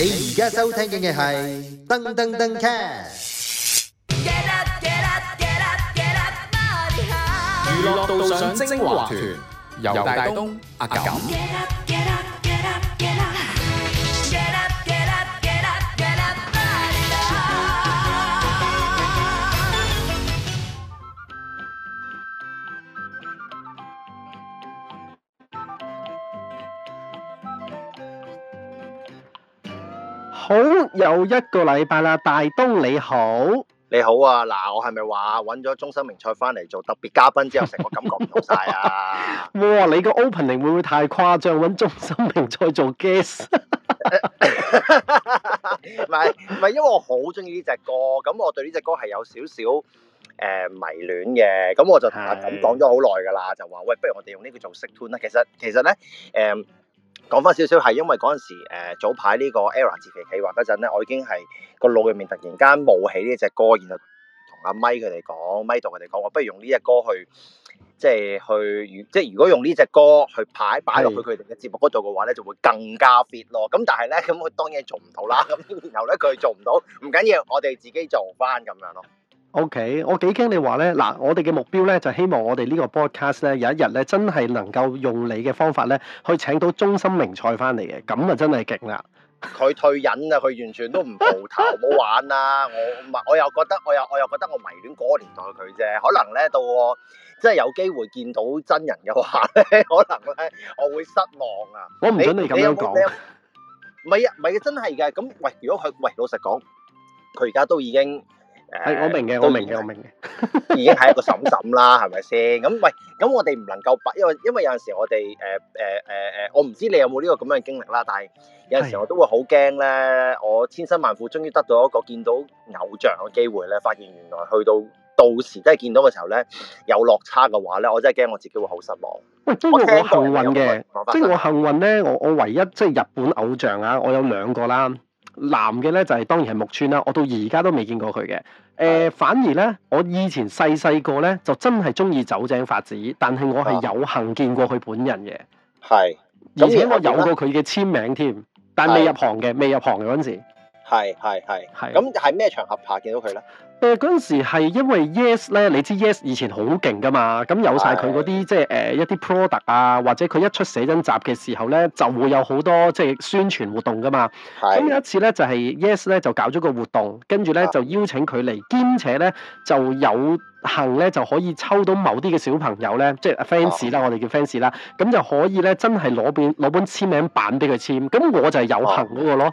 你而家收聽緊嘅係《噔噔噔 Catch》，娛樂道上精華團，游大東、阿感。好又一個禮拜啦，大東你好，你好啊！嗱，我係咪話揾咗中森明菜翻嚟做特別嘉賓之後，成個感覺唔同晒啊？ 哇！你個 opening 會唔會太誇張？揾中森明菜做 guest，唔係唔係，因為我好中意呢隻歌，咁我對呢隻歌係有少少誒迷戀嘅，咁我就同阿感講咗好耐噶啦，就話喂，不如我哋用呢句做 situation。其實其實咧，誒、呃。講翻少少係因為嗰陣時、呃、早排呢個 ERA 時期企劃嗰陣咧，我已經係個腦入面突然間冒起呢隻歌，然後同阿咪佢哋講，咪同佢哋講，我不如用呢隻歌去即係去，即係如果用呢隻歌去擺擺落去佢哋嘅節目嗰度嘅話咧，就會更加 fit 咯。咁但係咧，咁我當然做唔到啦。咁然後咧，佢做唔到，唔緊要，我哋自己做翻咁樣咯。O、okay, K，我幾驚你話咧，嗱，我哋嘅目標咧就希望我哋呢個 broadcast 咧有一日咧真係能夠用你嘅方法咧去請到中森明菜翻嚟嘅，咁啊真係勁啦！佢退隱啊，佢完全都唔蒲頭，唔好 玩啦！我唔係我又覺得我又我又覺得我迷戀嗰個年代佢啫，可能咧到我真係有機會見到真人嘅話咧，可能咧我會失望啊！我唔準你咁樣講，唔係啊，唔係 真係嘅。咁喂，如果佢喂老實講，佢而家都已經。係、嗯，我明嘅，我明嘅，我明嘅，已經係一個嬸嬸啦，係咪先？咁喂，咁我哋唔能夠，因為因為有陣時我哋，誒誒誒誒，我唔知你有冇呢個咁樣嘅經歷啦，但係有陣時我都會好驚咧，唉我千辛萬苦終於得到一個見到偶像嘅機會咧，發現原來去到到時真係見到嘅時候咧有落差嘅話咧，我真係驚我自己會好失望。喂、哎，即係我幸運嘅，即係我、哎、我幸運咧，我我唯一即係日本偶像啊，我有兩個啦。男嘅咧就係、是，當然係木村啦，我到而家都未見過佢嘅，誒、呃、反而咧我以前細細個咧就真係中意酒井法子，但係我係有幸見過佢本人嘅，係，啊、而且我有過佢嘅簽名添，啊、但未入行嘅的，未入行嗰陣時，係係係，咁係咩場合下見到佢咧？誒，嗰陣、呃、時係因為 Yes 咧，你知 Yes 以前好勁噶嘛，咁有晒佢嗰啲即係誒、呃、一啲 product 啊，或者佢一出寫真集嘅時候咧，就會有好多即係宣傳活動噶嘛。咁有的一次咧就係、是、Yes 咧就搞咗個活動，跟住咧就邀請佢嚟，兼且咧就有幸咧就可以抽到某啲嘅小朋友咧，即係 fans 啦，我哋叫 fans 啦，咁、啊、就可以咧真係攞本攞本簽名版俾佢簽。咁我就係有幸嗰個咯。啊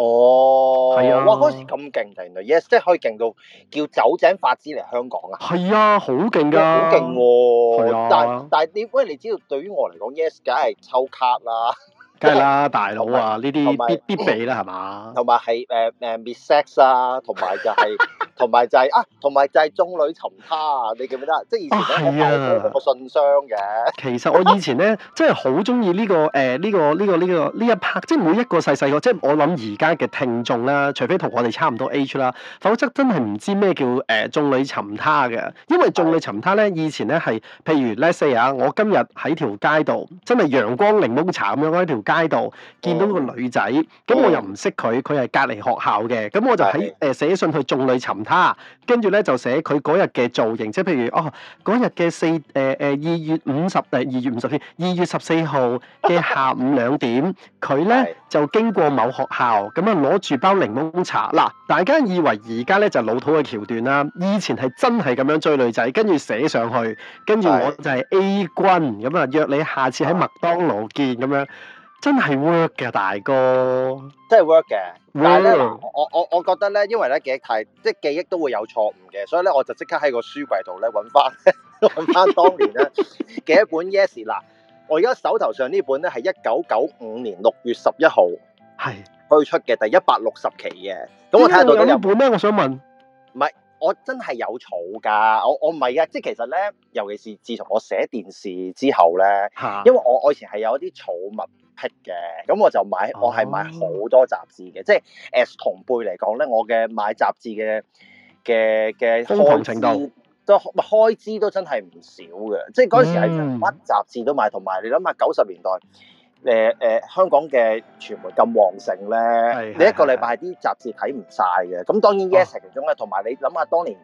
哦，係啊！哇，嗰時咁勁，原來 yes 即係可以勁到叫酒井法子嚟香港啊！係、嗯哦、啊，好勁㗎，好勁喎！但係但係，你喂，你知道對於我嚟講，yes 梗係抽卡啦。梗係啦，大佬啊，呢啲必必備啦，係嘛？同埋係誒誒 MissSex 啊，同埋就係，同埋就係啊，同埋就係眾裡尋他啊！你記唔記得？即係以前喺啊，個信箱嘅。其實我以前咧，真係好中意呢個誒呢個呢個呢個呢一 part，即係每一個細細個，即係我諗而家嘅聽眾啦，除非同我哋差唔多 H 啦，否則真係唔知咩叫誒眾裡尋他嘅。因為眾裡尋他咧，以前咧係譬如 let’s say 啊，我今日喺條街度，真係陽光檸檬茶咁樣喺街度見到個女仔，咁、嗯、我又唔識佢，佢係隔離學校嘅，咁我就喺誒寫信去眾裡尋他，跟住咧就寫佢嗰日嘅造型，即係譬如哦嗰日嘅四誒誒二月五十誒二月五十四二月十四號嘅下午兩點，佢咧就經過某學校，咁啊攞住包檸檬茶嗱。大家以為而家咧就老土嘅橋段啦，以前係真係咁樣追女仔，跟住寫上去，跟住我就係 A 君咁啊，約你下次喺麥當勞見咁樣。真係 work 嘅大哥，真係 work 嘅。但係咧、oh.，我我我覺得咧，因為咧記憶太即係記憶都會有錯誤嘅，所以咧我就即刻喺個書櫃度咧揾翻揾翻當年咧嘅 一本 Yes。嗱，我而家手頭上本呢本咧係一九九五年六月十一號係推出嘅，是第一百六十期嘅。咁我睇下到底有，有本咩？我想問，唔係我真係有儲噶。我我唔係嘅，即係其實咧，尤其是自從我寫電視之後咧，因為我我以前係有一啲儲物。劈嘅，咁我就買，我係買好多雜誌嘅，即係 As 同輩嚟講咧，我嘅買雜誌嘅嘅嘅開支都開支都真係唔少嘅，即係嗰時係乜雜誌都買，同埋你諗下九十年代誒誒香港嘅傳媒咁旺盛咧，你一個禮拜係啲雜誌睇唔晒嘅，咁當然 Yes 其中咧，同埋你諗下當年。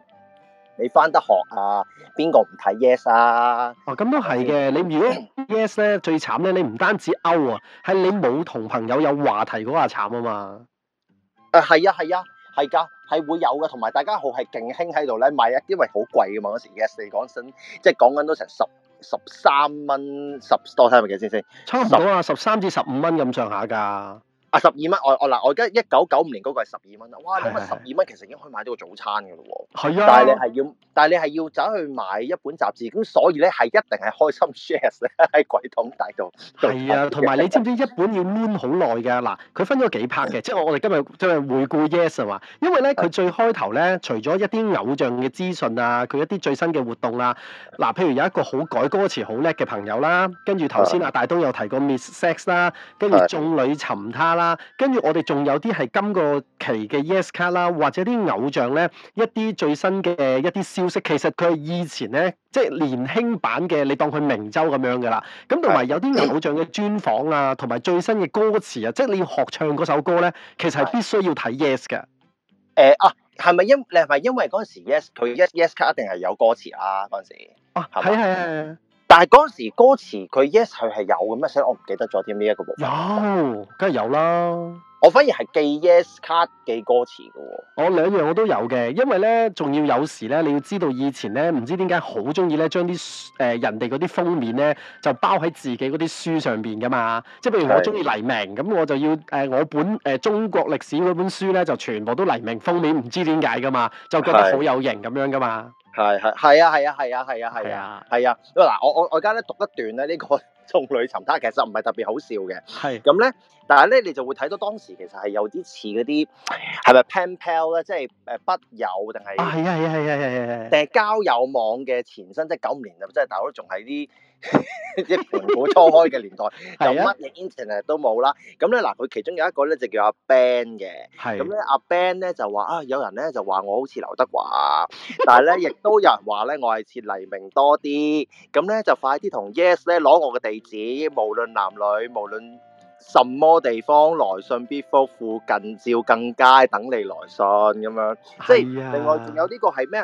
你返得學啊？邊個唔睇 Yes 啊？哦，咁都係嘅。 你如果 Yes 咧，最慘咧，你唔單止 out 啊，係你冇同朋友有話題嗰下慘啊嘛。誒、呃，係啊，係啊，係噶，係會有嘅。同埋大家好係勁興喺度咧買啊，因為好貴啊嘛嗰時。Yes 嚟講，即係講緊都成十十三蚊，十多睇下咪先先。差唔多啊，十三至十五蚊咁上下噶。十二蚊，我我嗱，我而家一九九五年嗰個係十二蚊啦。哇，咁啊，十二蚊其實已經可以買到個早餐噶咯喎。係啊。但係你係要，但係你係要走去買一本雜誌，咁所以咧係一定係開心 share 咧喺鬼桶大度。係啊，同埋你知唔知 一本要攣好耐嘅？嗱，佢分咗幾 part 嘅。即係我哋今日即係回顧 Yes 啊嘛？因為咧佢最開頭咧，除咗一啲偶像嘅資訊啊，佢一啲最新嘅活動啦。嗱，譬如有一個好改歌詞好叻嘅朋友啦，跟住頭先阿大東有提過 Miss Sex 啦，跟住眾裡尋他啦。跟住我哋仲有啲係今個期嘅 Yes 卡啦，或者啲偶像咧，一啲最新嘅一啲消息，其實佢係以前咧，即係年輕版嘅，你當佢明周咁樣噶啦。咁同埋有啲偶像嘅專訪啊，同埋最新嘅歌詞啊，即係你要學唱嗰首歌咧，其實係必須要睇 Yes 嘅。誒、呃、啊，係咪因你係咪因為嗰陣時 Yes 佢 Yes Yes 卡一定係有歌詞啊，嗰陣時啊，係係係。是是是是但係嗰陣時歌詞佢 yes 佢係有嘅咩？所以我唔記得咗添呢一個部分，oh, 有。有，梗係有啦。我反而係記 yes 卡記歌詞噶、哦。我兩、哦、樣我都有嘅，因為咧，仲要有時咧，你要知道以前咧，唔知點解好中意咧，將啲誒人哋嗰啲封面咧就包喺自己嗰啲書上邊噶嘛。即係譬如我中意黎明，咁是我就要誒、呃、我本誒、呃、中國歷史嗰本書咧，就全部都黎明封面，唔知點解噶嘛，就覺得好有型咁樣噶嘛。係係係啊係啊係啊係啊係啊係啊嗱、啊，我我我而家咧讀一段咧呢、這個《眾裡尋他》，其實唔係特別好笑嘅。係咁咧，但係咧你就會睇到當時其實係有啲似嗰啲係咪 PenPal 咧，是是 Pal，即係誒筆友定係？係啊係啊係啊係啊係啊，定係、啊啊啊啊、交友網嘅前身，即係九五年就即係，大佬仲係啲。即係盤古初開嘅年代，就乜嘢 internet 都冇啦。咁咧嗱，佢其中有一個咧就叫阿 Ben 嘅。係。咁咧阿 Ben 咧就話啊，有人咧就話我好似劉德華，但係咧亦都有人話咧我係似黎明多啲。咁咧就快啲同 Yes 咧攞我嘅地址，無論男女，無論什麼地方來信必覆附近照更街等你來信咁樣。係啊。即係另外仲有呢個係咩？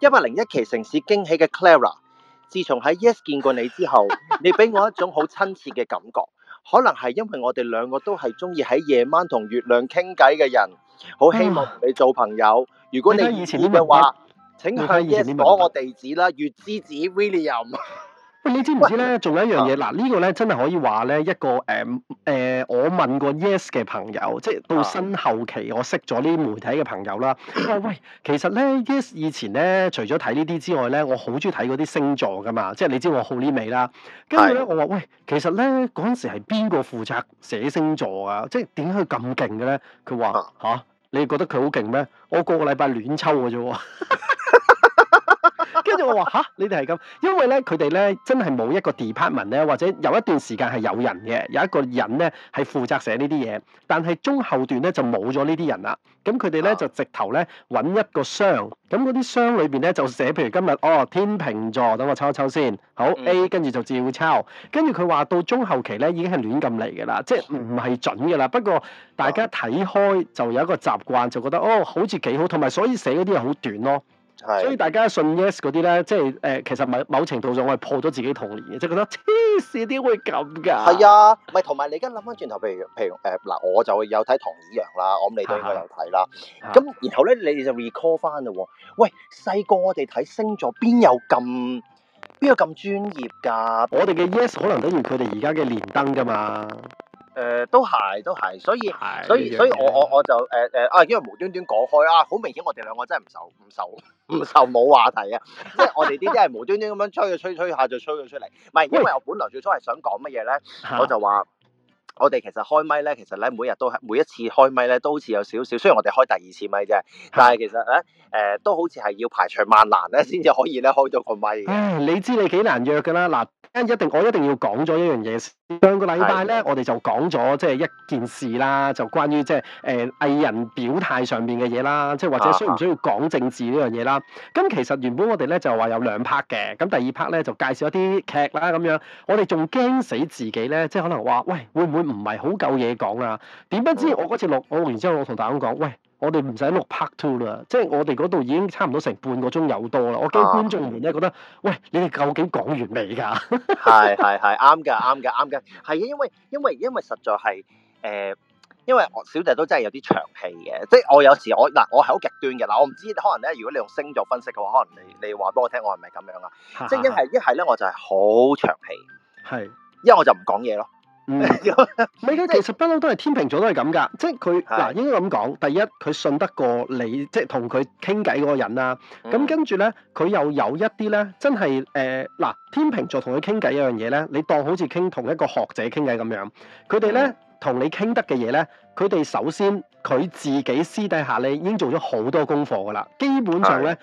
一百零一期城市驚喜嘅 Clara。自從喺 Yes 見過你之後，你俾我一種好親切嘅感覺，可能係因為我哋兩個都係中意喺夜晚同月亮傾偈嘅人，好希望同你做朋友。如果你願意嘅話，請向 Yes 攞我地址啦，月之子 William。知知喂，你知唔知咧？仲有一樣嘢，嗱呢個咧真係可以話咧一個誒誒、呃呃，我問過 Yes 嘅朋友，即係到新後期我識咗啲媒體嘅朋友啦。我話喂，其實咧 Yes 以前咧，除咗睇呢啲之外咧，我好中意睇嗰啲星座噶嘛。即係你知我好呢味啦。跟住咧，我話喂，其實咧嗰陣時係邊個負責寫星座啊？即係點解佢咁勁嘅咧？佢話嚇，你覺得佢好勁咩？我個個禮拜亂抽噶啫。跟住 我話嚇，你哋係咁，因為咧佢哋咧真係冇一個 department 咧，或者有一段時間係有人嘅，有一個人咧係負責寫呢啲嘢，但係中後段咧就冇咗呢啲人啦。咁佢哋咧就直頭咧揾一個箱，咁嗰啲箱裏邊咧就寫，譬如今日哦天秤座，等我抄一抄先。好、嗯、A，跟住就照抄。跟住佢話到中後期咧已經係亂咁嚟嘅啦，即係唔係準嘅啦。不過大家睇開就有一個習慣，就覺得哦好似幾好，同埋所以寫嗰啲嘢好短咯、哦。是所以大家信 yes 嗰啲咧，即係誒、呃，其實某某程度上我係破咗自己童年嘅，即係覺得黐線啲會咁㗎。係啊，咪同埋你而家諗翻轉頭，譬如譬如誒嗱、呃，我就會有睇唐綺陽啦，我諗你都應該有睇啦。咁、啊、然後咧，你哋就 recall 翻嘞喎。喂，細個我哋睇星座邊有咁邊有咁專業㗎？我哋嘅 yes 可能等於佢哋而家嘅連登㗎嘛。誒、呃，都係，都係，所以，所以，所以我，我，我就，誒、呃，誒，啊，因為無端端講開啊，好明顯我哋兩個真係唔受，唔受，唔受冇話題啊，即 係我哋呢啲係無端端咁樣吹啊吹，吹，吹，吹下就吹咗出嚟，唔係，因為我本來最初係想講乜嘢咧，我就話我哋其實開咪咧，其實咧每日都係每一次開咪咧都好似有少少，雖然我哋開第二次咪啫，但係其實咧誒、呃、都好似係要排除萬難咧，先至可以咧開咗個咪。嗯、你知你幾難約噶啦，嗱，一定我一定要講咗一樣嘢。上個禮拜咧，的我哋就講咗即係一件事啦，就關於即係誒藝人表態上面嘅嘢啦，即係或者需唔需要講政治呢樣嘢啦。咁的其實原本我哋咧就話有兩 part 嘅，咁第二 part 咧就介紹一啲劇啦咁樣。我哋仲驚死自己咧，即係可能話喂，會唔會唔係好夠嘢講啊？點不知我嗰次錄，我錄完之後我同大家講喂。cin stereotype 我哋唔使錄 part two 啦，即係我哋嗰度已經差唔多成半個鐘有多啦。我驚觀眾們咧覺得，喂，你哋究竟講完未㗎？係係係，啱㗎，啱㗎，啱㗎。係啊，因為因為因為實在係誒，因為我小弟都真係有啲長氣嘅，即係我有時我嗱，我係好極端嘅嗱，我唔知可能咧，如果你用星座分析嘅話，可能你你話俾我聽，我係咪咁樣啊？即係一係一係咧，我就係好長氣，係，因為我就唔講嘢咯。唔係嘅， 其實不嬲都係天秤座都係咁噶，即係佢嗱應該咁講，第一佢信得過你，即係同佢傾偈嗰個人啦。咁、嗯、跟住咧，佢又有一啲咧，真係誒嗱，天秤座同佢傾偈一樣嘢咧，你當好似傾同一個學者傾偈咁樣，佢哋咧同你傾得嘅嘢咧。佢哋首先佢自己私底下咧已經做咗好多功課噶啦，基本上咧誒是的、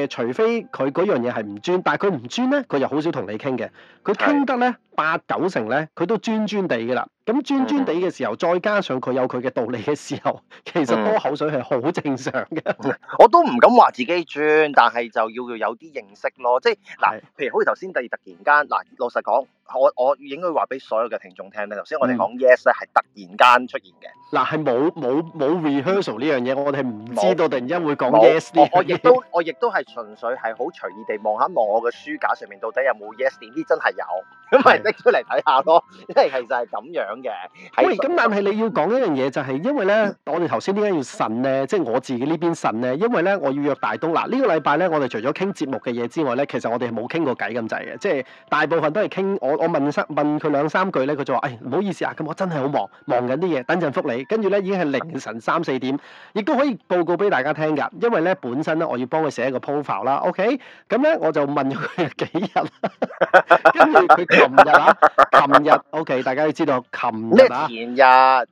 呃，除非佢嗰樣嘢係唔專，但係佢唔專咧，佢就好少同你傾嘅。佢傾得咧是的 八九成咧，佢都專專地噶啦。咁專專地嘅時候，再加上佢有佢嘅道理嘅時候，其實多口水係好正常嘅。我都唔敢話自己專，但係就要有啲認識咯。即係嗱，譬如好似頭先，第二突然間嗱，老實講，我我應該話俾所有嘅聽眾聽咧。頭先我哋講 Yes 咧，係突然間出現嘅。嗱，係冇冇冇 rehearsal 呢樣嘢，我哋係唔知道突然間會講 Yes，我亦都我亦都係純粹係好隨意地望一望我嘅書架上面到底有冇 Yes，呢啲真係有，咁咪拎出嚟睇下咯。因為其實係咁樣。喂，咁 Okay, 但係你要講一樣嘢就係、嗯就是，因為咧，我哋頭先點解要呻咧？即係我自己呢邊呻咧，因為咧，我要約大東嗱。啊，這個、呢個禮拜咧，我哋除咗傾節目嘅嘢之外咧，其實我哋係冇傾過偈咁滯嘅，即、就、係、是、大部分都係傾我我問問佢兩三句咧，佢就話，哎，唔好意思啊，咁我真係好忙，忙緊啲嘢，等陣復你。跟住咧，已經係凌晨三四點，亦都可以報告俾大家聽噶。因為咧，本身咧，我要幫佢寫個 proposal 啦。OK，咁咧，我就問佢幾日，跟住佢琴日啊，琴日 OK，大家要知道。咩前日啊？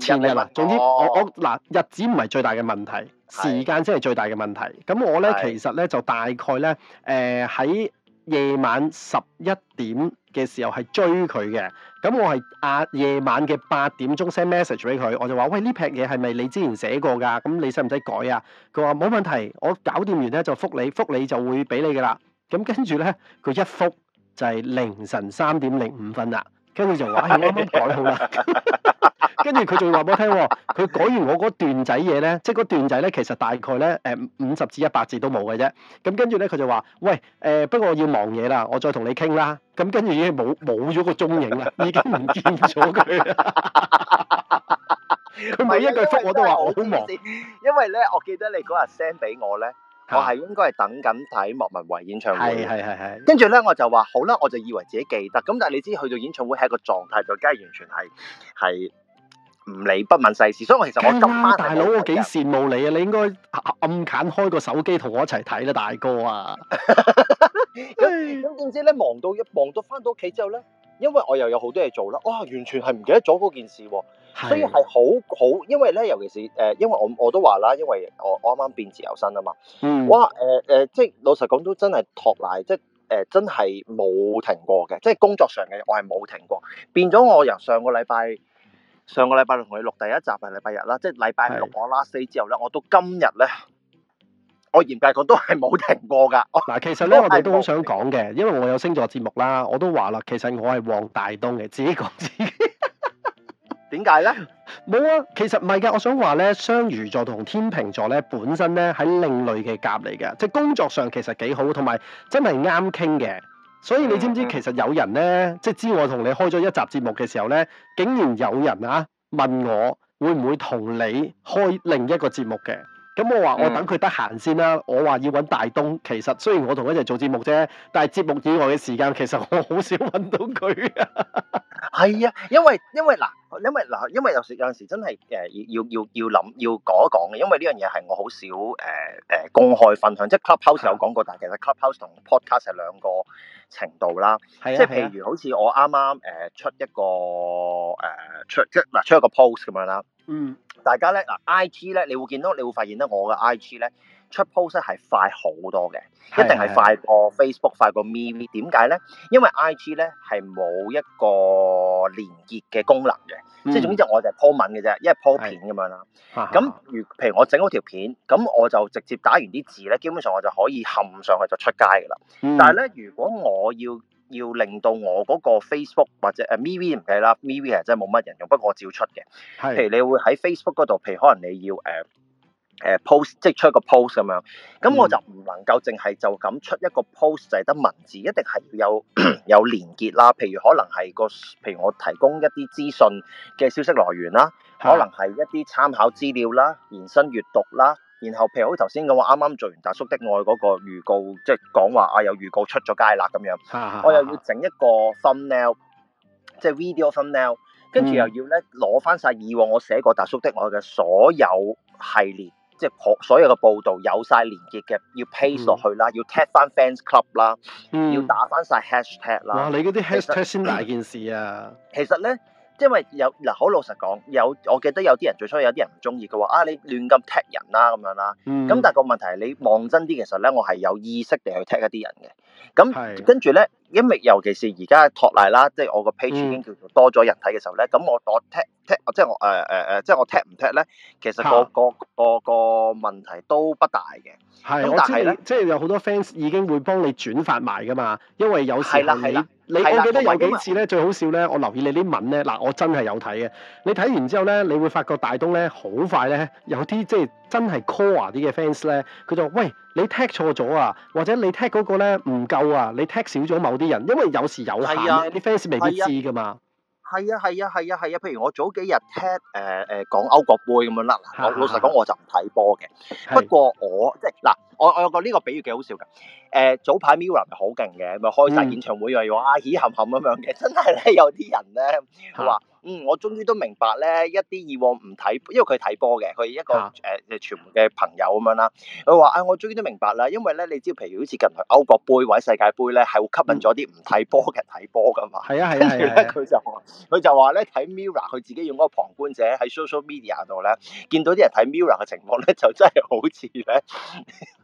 前日啊！總之我我嗱日子唔係最大嘅問題，時間先係最大嘅問題。咁我咧其實咧就大概咧誒喺夜晚十一點嘅時候係追佢嘅。咁我係阿夜晚嘅八點鐘 send message 俾佢，我就話喂呢批嘢係咪你之前寫過噶？咁你使唔使改啊？佢話冇問題，我搞掂完咧就覆你，覆你就會俾你嘅啦。咁跟住咧佢一覆就係凌晨三點零五分啦。跟住就話、哎：我啱啱改好啦。跟住佢仲話俾我聽，佢、哦、改完我嗰段仔嘢咧，即係嗰段仔咧，其實大概咧，誒五十至一百字都冇嘅啫。咁跟住咧，佢就話：喂，誒、呃、不過我要忙嘢啦，我再同你傾啦。咁跟住已經冇冇咗個蹤影啦，已經唔見咗佢啦。佢 每一句覆我都話我好忙，因為咧，我記得你嗰日 send 俾我咧。我係應該係等緊睇莫文蔚演唱會，係係係。跟住咧，我就話好啦，我就以為自己記得，咁但係你知去到演唱會係一個狀態就，梗係完全係係唔理不問世事。所以我其實我今晚、啊、大佬，我幾羨慕你啊！你應該暗暗暗開個手機同我一齊睇啦，大哥啊！咁咁點知咧，忙到一忙到翻到屋企之後咧，因為我又有好多嘢做啦，哇、哦！完全係唔記得咗嗰件事喎、啊。所以係好好，因為咧，尤其是誒、呃，因為我我都話啦，因為我啱啱變自由身啊嘛。嗯。哇誒誒、呃呃，即係老實講都真係托賴，即係誒、呃、真係冇停過嘅，即係工作上嘅我係冇停過，變咗我由上個禮拜上個禮拜同你錄第一集係禮拜日啦，即係禮拜六我 last day 之後咧，我到今日咧，我嚴格講都係冇停過㗎。嗱，其實咧我哋都好想講嘅，因為我有星座節目啦，我都話啦，其實我係旺大東嘅，自己講自己。 點解咧？冇啊，其實唔係㗎。我想話咧，雙魚座同天秤座咧本身咧係另類嘅夾嚟嘅，即係工作上其實幾好，同埋真係啱傾嘅。所以你知唔知其實有人咧，即係知我同你開咗一集節目嘅時候咧，竟然有人啊問我會唔會同你開另一個節目嘅？咁我話我等佢得閒先啦。嗯、我話要揾大東，其實雖然我同佢一齊做節目啫，但係節目以外嘅時間，其實我好少揾到佢。係啊，因為因為嗱，因為嗱，因為有時有陣時真係誒要要要要諗要講一講嘅，因為呢樣嘢係我好少誒誒、呃呃、公開分享，即係 Clubhouse 有講過，係啊、但係其實 Clubhouse 同 Podcast 係兩個程度啦。係啊、即係譬如好似我啱啱誒出一個誒、呃、出即嗱出，出一個 post 咁樣啦。嗯。大家咧嗱，I G 咧，你會見到你會發現咧，我嘅 I G 咧出 post 係快好多嘅，是的 一定係快過 Facebook 快過 MeWe 點解咧？因為 I G 咧係冇一個連結嘅功能嘅，即係、嗯、總之我就 po 文嘅啫，一係 po 片咁樣啦。咁、嗯、如譬如我整好條片，咁我就直接打完啲字咧，基本上我就可以冚上去就出街噶啦。嗯、但係咧，如果我要要令到我嗰個 Facebook 或者誒 MV 唔計啦，MV 係真係冇乜人用，不過我照出嘅。係是譬如你會喺 Facebook 度，譬如可能你要誒誒、呃呃、post，即係出一個 post 咁樣，咁我就唔能夠淨係就咁出一個 post 就係得文字，一定係要有 有連結啦。譬如可能係個譬如我提供一啲資訊嘅消息來源啦，是可能係一啲參考資料啦，延伸閱讀啦。然後，譬如好似頭先咁話，啱啱做完《大叔的愛》嗰個預告，即係講話啊，有預告出咗街啦咁樣。啊、我又要整一個 thumbnail 即係 video thumbnail 跟住又要咧攞翻晒以往我寫過《大叔的愛》嘅所有系列，即係所有嘅報道有晒連結嘅，要 paste 落去啦，要 tag 翻 fans club 啦、嗯，要打翻晒 hashtag 啦。嗱，你嗰啲 hashtag 先係一件事啊。其實咧。因為有嗱，好老實講，有我記得有啲人最初有啲人唔中意嘅話，啊，你亂咁踢人啦、啊、咁樣啦，咁、嗯、但係個問題係你望真啲，其實咧我係有意識地去踢一啲人嘅，咁、嗯、是跟住咧，因為尤其是而家托賴啦，即係我個 page 已經叫做多咗人睇嘅時候咧，咁、嗯、我多踢。即係我誒誒誒，即係我踢唔踢咧？其實個個個個問題都不大嘅。係是，但係即係有好多 fans 已經會幫你轉發埋噶嘛。因為有時候你，你我記得有幾次咧，最好笑咧，我留意你啲文咧，嗱，我真係有睇嘅。你睇完之後咧，你會發覺大東咧，好快咧，有啲即係真係 call 啲嘅 fans 咧，佢就喂，你踢錯咗啊，或者你踢嗰個咧唔夠啊，你踢少咗某啲人，因為有時有限咧，啲 fans 的未必知噶嘛。係啊係啊係啊係啊，譬如我早幾日聽誒誒講歐國杯咁樣啦， 我老實講我就唔睇波嘅。 不過我即係嗱、呃，我我我呢個比喻幾好笑㗎。誒、呃、早排 Mirror 咪好勁嘅，咪開晒演唱會又阿喜含含咁樣嘅，真係咧有啲人咧話。嗯，我終於都明白咧，一啲以往唔睇，因為佢睇波嘅，佢一個誒誒，全部嘅朋友咁樣啦。佢話啊，我終於都明白啦，因為咧，你知道譬如好似近來歐國杯或者世界盃咧，係會吸引咗啲唔睇波嘅人睇波噶嘛。係啊係啊係啊。佢、嗯、就話，佢就話咧，睇 m i r r o r 佢自己用嗰個旁觀者喺 social media 度咧，見到啲人睇 m i r r o r 嘅情況咧，就真係好似咧，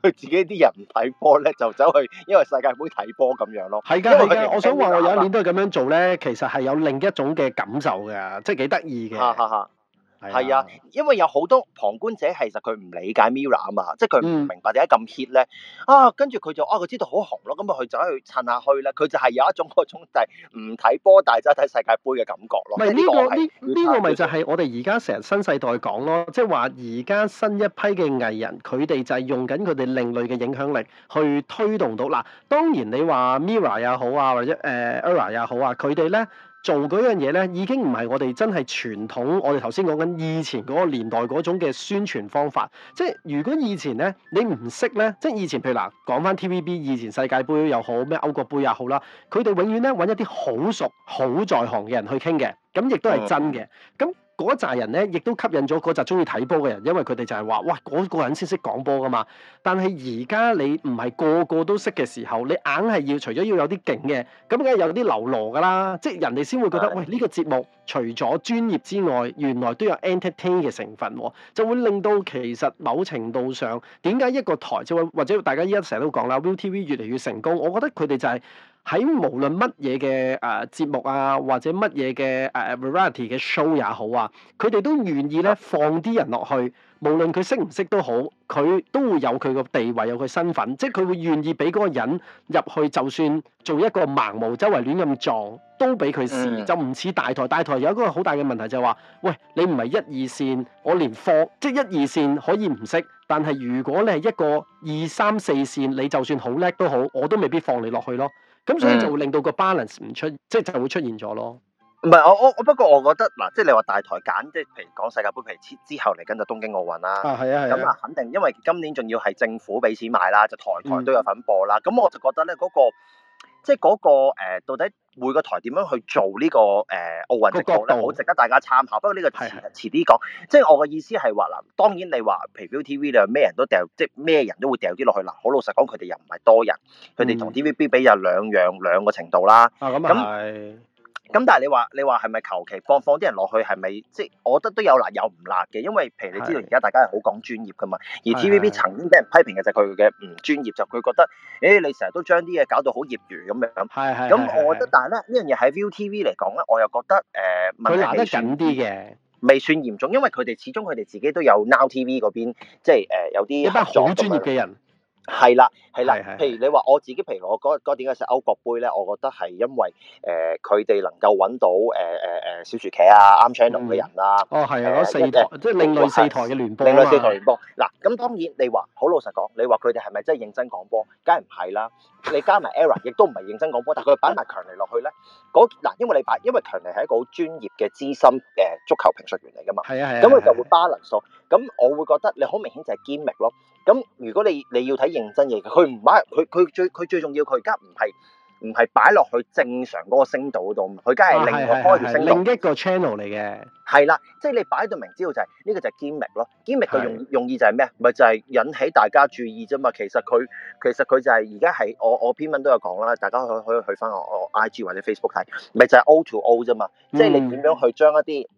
佢自己啲人唔睇波咧，就走去因為世界盃睇波咁樣咯。係㗎我想話我有一年都係咁樣做咧，呃、其實係有另一種嘅感受。即係幾得意嘅，係啊，啊啊是啊，因為有好多旁觀者其實佢唔理解 Mirror 啊嘛，嗯、即係佢唔明白點解咁 hit 咧。啊，跟住佢就啊，佢知道好紅咯，咁啊，佢走去襯下去啦。佢就係有一種嗰種就係唔睇波大，但係真係睇世界盃嘅感覺咯。咪呢是個呢呢、這個咪、這個這個、就係我哋而家成日新世代講咯，即係話而家新一批嘅藝人，佢哋就係用緊佢哋另類嘅影響力去推動到嗱。當然你話 Mirror 也好啊，或者誒、呃、Error 也好啊，佢哋咧。做嗰樣嘢咧，已經唔係我哋真係傳統，我哋頭先講緊以前嗰個年代嗰種嘅宣傳方法。即係如果以前咧，你唔識咧，即係以前譬如嗱，講翻 TVB 以前世界盃又好，咩歐國盃又好啦，佢哋永遠咧揾一啲好熟、好在行嘅人去傾嘅，咁亦都係真嘅。咁、嗯嗰扎人咧，亦都吸引咗嗰扎中意睇波嘅人，因為佢哋就係話，哇，嗰、那個人先識講波㗎嘛。但係而家你唔係個個都識嘅時候，你硬係要除咗要有啲勁嘅，咁梗係有啲流羅㗎啦。即、就、係、是、人哋先會覺得，的喂，呢、這個節目除咗專業之外，原來都有 entertain 嘅成分，就會令到其實某程度上，點解一個台就係或者大家依家成日都講啦，ViuTV 越嚟越成功，我覺得佢哋就係、是。喺無論乜嘢嘅誒節目啊，或者乜嘢嘅誒 variety 嘅 show 也好啊，佢哋都願意咧，放啲人落去，無論佢識唔識都好，佢都會有佢個地位，有佢身份，即係佢會願意俾嗰個人入去，就算做一個盲毛周圍亂咁撞都俾佢試，就唔似大台。大台有一個好大嘅問題就係話，喂，你唔係一二線，我連放即係一二線可以唔識，但係如果你係一個二三四線，你就算好叻都好，我都未必放你落去咯。咁所以就會令到個 balance 唔出，mm. 即係就會出現咗咯。唔係我我我不過我覺得嗱，即係你話大台揀，即係譬如講世界盃，譬如之之後嚟緊就東京奧運啦。啊，係啊，咁啊，啊肯定，因為今年仲要係政府俾錢買啦，就台台都有份播啦。咁、嗯、我就覺得咧，嗰、嗰個。即係、那、嗰個、呃、到底每個台點樣去做呢、這個誒、呃、奧運直播咧，好值得大家參考。不過呢個遲是的 遲啲講。即係我嘅意思係話，嗱，當然你話譬如 TV 咧，咩人都掉，即係咩人都會掉啲落去。嗱，好老實講，佢哋又唔係多人，佢哋同 TVB 比又兩樣兩個程度啦。嗯、啊，咁、嗯、啊那咁但係你話，你話係咪求其放放啲人落去？係咪即係，我覺得都有辣有唔辣嘅，因為譬如你知道而家大家係好講專業㗎嘛，而 TVB 曾經俾人批評嘅就係佢嘅唔專業，就佢覺得誒、欸、你成日都將啲嘢搞到好業餘咁樣，咁我覺得，但係咧呢樣嘢喺 ViuTV 嚟講咧，我又覺得誒佢難得緊啲嘅，未算嚴重，因為佢哋始終佢哋自己都有 Now TV 嗰邊即係誒、呃、有啲一班好專業嘅人。係啦，係啦。譬如你話我自己，譬如我嗰嗰點解食歐國杯咧，我覺得係因為誒，佢哋能夠揾到誒誒誒小薯茄啊，啱 channel 嘅人啊。哦，係啊，四台即係另類四台嘅聯播啊。另類四台聯播。嗱，咁當然你話好老實講，你話佢哋係咪真係認真講波？梗係唔係啦。你加埋 Era 亦都唔係認真講波，但係佢擺埋強尼落去咧，嗱，因為你擺因為強尼係一個好專業嘅資深嘅足球評述員嚟噶嘛。係啊係啊。咁佢就會 balance 咁我會覺得你好明顯就係 gimmick 咯。咁如果你你要睇認真嘢，佢唔擺佢佢最佢最重要，佢而家唔係唔係擺落去正常嗰個聲道度，佢梗係另一個開條聲道，另一個 channel 嚟嘅。係啦，即係你擺到明知道就係、是、呢、這個就係 gimmick 咯 gimmick 嘅用是用意就係咩？咪就係、是、引起大家注意啫嘛。其實佢其實佢就係而家係我我篇文都有講啦，大家可可以去翻我,我 IG 或者 Facebook 睇，咪就係、是、O to O 啫嘛。即係你點樣去將一啲。嗯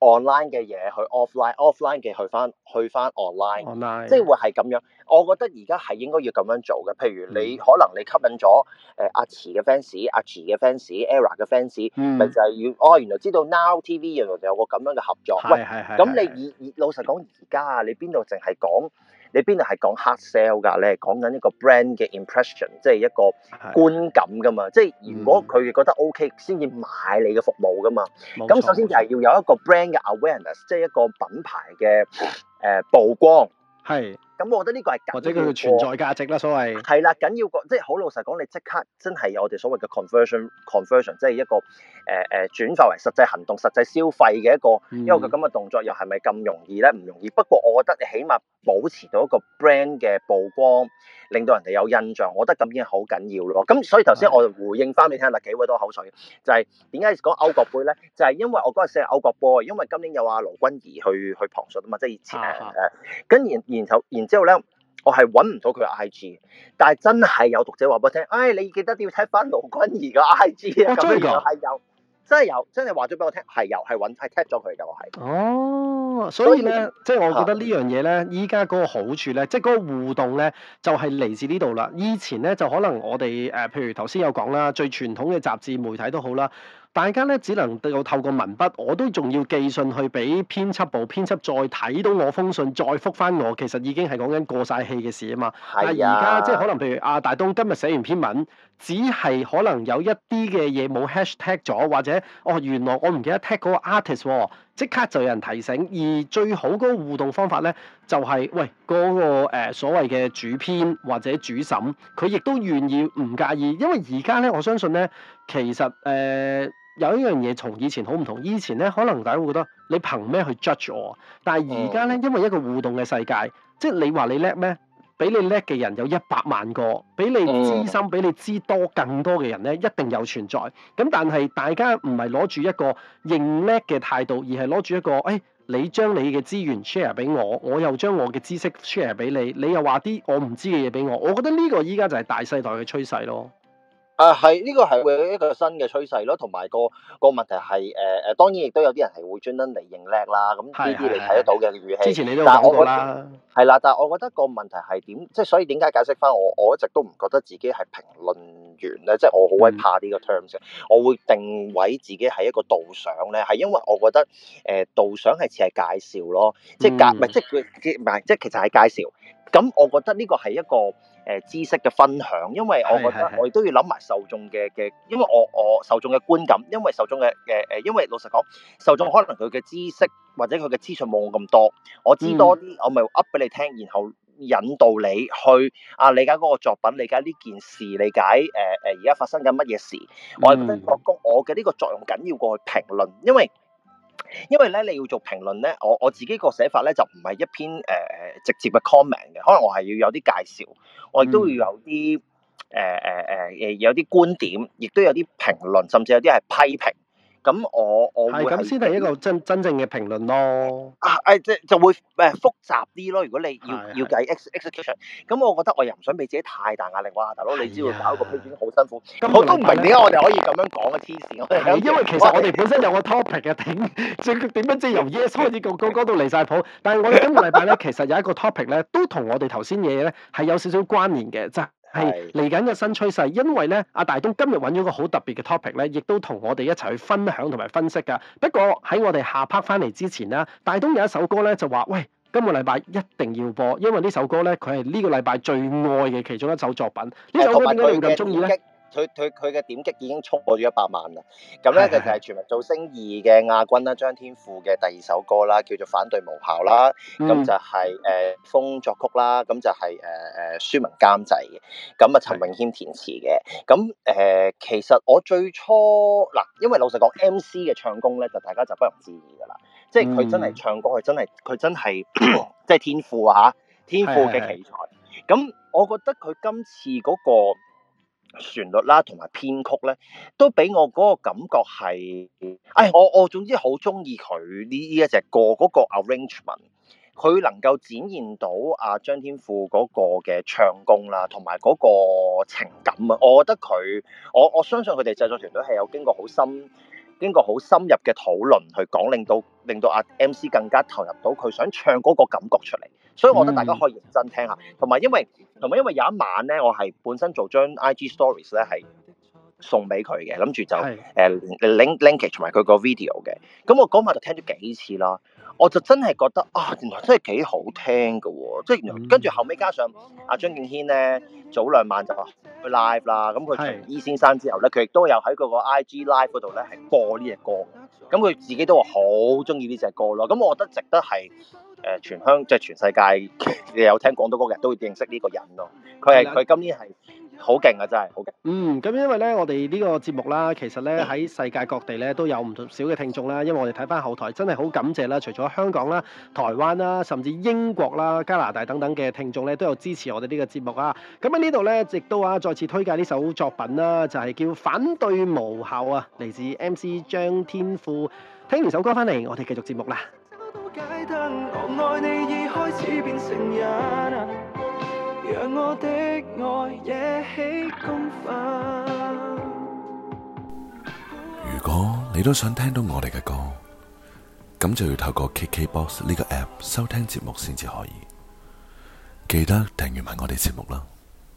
online 嘅嘢去 offline，offline 嘅 off 去翻去翻 online，, online. 即係會係咁樣。我覺得而家係應該要咁樣做嘅。譬如你、嗯、可能你吸引咗誒、呃、阿慈嘅 fans，阿慈嘅 fans，era 嘅 fans，咪就係要。哦，原來知道 Now TV 原來就有個咁樣嘅合作， 喂，咁你而而老實講而家啊，你邊度淨係講？你邊度係講 hard sell 㗎？你係講緊一個 brand 嘅 impression，即係一個觀感㗎嘛。的即係如果佢哋覺得 OK，先至、嗯、買你嘅服務㗎嘛。咁錯首先就係要有一個 brand 嘅 awareness，錯即係一個品牌嘅誒曝光。係。咁我覺得呢個係或者佢存在價值啦，所謂係啦，緊、啊、要過即係好老實講，你即刻真係有我哋所謂嘅 con conversion，conversion 即係一個誒誒、呃、轉化為實際行動、實際消費嘅一個。因為佢咁嘅動作又係咪咁容易咧？唔容易。不過我覺得你起碼保持到一個 brand 嘅曝光，令到人哋有印象，我覺得咁已經好緊要咯。咁所以頭先我回應翻你聽啦，幾位都口水，就係點解講歐國杯咧？就係、是、因為我嗰日寫歐國波，因為今年有阿羅君怡去去旁述啊嘛，即係以前誒誒，然後然後，然後，然後之後咧，我係揾唔到佢 I G，但係真係有讀者話俾我聽，唉、哎，你記得要睇翻盧君怡嘅 I G 啊，咁樣講係有。真係有，真係話咗俾我聽，係有，係揾，係 tap 咗佢嘅我係。哦，oh, 所以咧，以呢嗯、即係我覺得呢樣嘢咧，依家嗰個好處咧，即係嗰個互動咧，就係、是、嚟自呢度啦。以前咧，就可能我哋誒，譬如頭先有講啦，最傳統嘅雜誌媒體都好啦，大家咧只能夠透過文筆，我都仲要寄信去俾編輯部，編輯再睇到我封信，再覆返我，其實已經係講緊過晒氣嘅事啊嘛。係啊，而家即係可能譬如阿大東今日寫完篇文。只係可能有一啲嘅嘢冇 hashtag 咗，或者哦，原來我唔記得 tag 嗰個 artist 喎、哦，即刻就有人提醒。而最好嗰個互動方法咧，就係、是、喂嗰、那個、呃、所謂嘅主編或者主審，佢亦都願意唔介意，因為而家咧我相信咧，其實誒、呃、有一樣嘢同以前好唔同。以前咧可能大家會覺得你憑咩去 judge 我？但係而家咧，oh. 因為一個互動嘅世界，即、就、係、是、你話你叻咩？俾你叻嘅人有一百萬個，俾你資深、俾你知多更多嘅人咧，一定有存在。咁但係大家唔係攞住一個認叻嘅態度，而係攞住一個，誒、哎，你將你嘅資源 share 俾我，我又將我嘅知識 share 俾你，你又話啲我唔知嘅嘢俾我。我覺得呢個依家就係大世代嘅趨勢咯。啊，係呢、uh, 這個係會有一個新嘅趨勢咯，同埋個個問題係，誒、呃、誒，當然亦都有啲人係會專登嚟認叻啦，咁呢啲你睇得到嘅語氣。之前你都講過啦，係啦、嗯，但係我覺得個問題係點，即係所以點解解釋翻我我一直都唔覺得自己係評論員咧，即、就、係、是、我好鬼怕呢個 terms，、嗯、我會定位自己係一個導賞咧，係因為我覺得誒導賞係似係介紹咯，即係夾係即係佢唔係即係其實係介紹。咁我覺得呢個係一個誒知識嘅分享，因為我覺得我亦都要諗埋受眾嘅嘅，因為我我受眾嘅觀感，因為受眾嘅嘅誒，因為老實講，受眾可能佢嘅知識或者佢嘅資訊冇我咁多，我知多啲，我咪噏俾你聽，然後引導你去啊理解嗰個作品，理解呢件事，理解誒誒而家發生緊乜嘢事，我係覺得我嘅呢個作用緊要過去評論，因為。因為咧，你要做評論咧，我我自己個寫法咧就唔係一篇誒誒、呃、直接嘅 comment 嘅，可能我係要有啲介紹，我亦都要有啲誒誒誒誒有啲觀點，亦都有啲評論，甚至有啲係批評。咁我我係咁先係一個真真正嘅評論咯。啊，誒即係就會誒複雜啲咯。如果你要的要計 ex execution 咁我覺得我又唔想俾自己太大壓力。哇，大、啊、佬的你知道要搞一個盤已經好辛苦，我都唔明點解我哋可以咁樣講嘅黐線。我因為其實我哋本身有個 topic 嘅頂，即係點樣即係由 yes 開始講講講到離曬譜。但係我哋今個禮拜咧，其實有一個 topic 咧，都同我哋頭先嘢咧係有少少關聯嘅。係嚟緊嘅新趨勢，因為咧，阿大東今日揾咗個好特別嘅 topic 咧，亦都同我哋一齊去分享同埋分析噶。不過喺我哋下 part 翻嚟之前咧，大東有一首歌咧就話：「喂，今個禮拜一定要播，因為呢首歌咧佢係呢個禮拜最愛嘅其中一首作品。的呢首歌點解你會咁中意咧？佢佢佢嘅點擊已經超過咗一百萬啦，咁咧是的 就就係全民造星2嘅亞軍啦，張天賦嘅第二首歌啦，叫做《反對無效》啦，咁、嗯、就係、是、誒、呃、馮作曲啦，咁就係誒誒舒文監製嘅，咁啊陳詠謙填詞嘅，咁誒是的、呃、其實我最初嗱，因為老實講 M C 嘅唱功咧，就大家就不容置疑噶啦，嗯、即係佢真係唱歌，佢真係佢真係即係天賦啊天賦嘅奇才，咁是的 我覺得佢今次嗰、那個，旋律啦，同埋編曲咧，都俾我嗰個感覺係，哎，我我總之好中意佢呢呢一隻歌，嗰個 arrangement，佢能夠展現到阿張天賦嗰個嘅唱功啦，同埋嗰個情感啊，我覺得佢，我我相信佢哋製作團隊係有經過好深，經過好深入嘅討論去講，令到令到阿 MC 更加投入到佢想唱嗰個感覺出嚟。所以，我覺得大家可以認真聽下，同埋因為，同埋因為有一晚咧，我係本身做張 I G Stories 咧，係送俾佢嘅，諗住就誒是、uh, link 同埋佢個 video 嘅。咁我嗰晚就聽咗幾次啦，我就真係覺得啊，原來真係幾好聽嘅喎、啊，即、就、係、是嗯、跟住後尾加上阿張敬軒咧，早兩晚就話去 live 啦。咁佢從 E 先生之後咧，佢亦都有喺佢個 I G live 度咧係播呢隻歌，咁佢自己都話好中意呢隻歌咯。咁我覺得值得係。誒，全香港即係全世界，有聽廣東歌嘅人都會認識呢個人咯。佢係佢今年係好勁啊！真係好勁。嗯，咁因為咧，我哋呢個節目啦，其實咧喺世界各地咧都有唔少嘅聽眾啦。因為我哋睇翻後台，真係好感謝啦。除咗香港啦、台灣啦，甚至英國啦、加拿大等等嘅聽眾咧，都有支持我哋呢個節目啊。咁喺呢度咧，亦都啊，再次推介呢首作品啦，就係叫《反對無效》啊，嚟自 MC 張天賦。聽完首歌翻嚟，我哋繼續節目啦。如果你都想聽到我哋嘅歌，咁就要透過 KKBOX 呢個 App 收聽節目先至可以。記得訂閱埋我哋節目啦。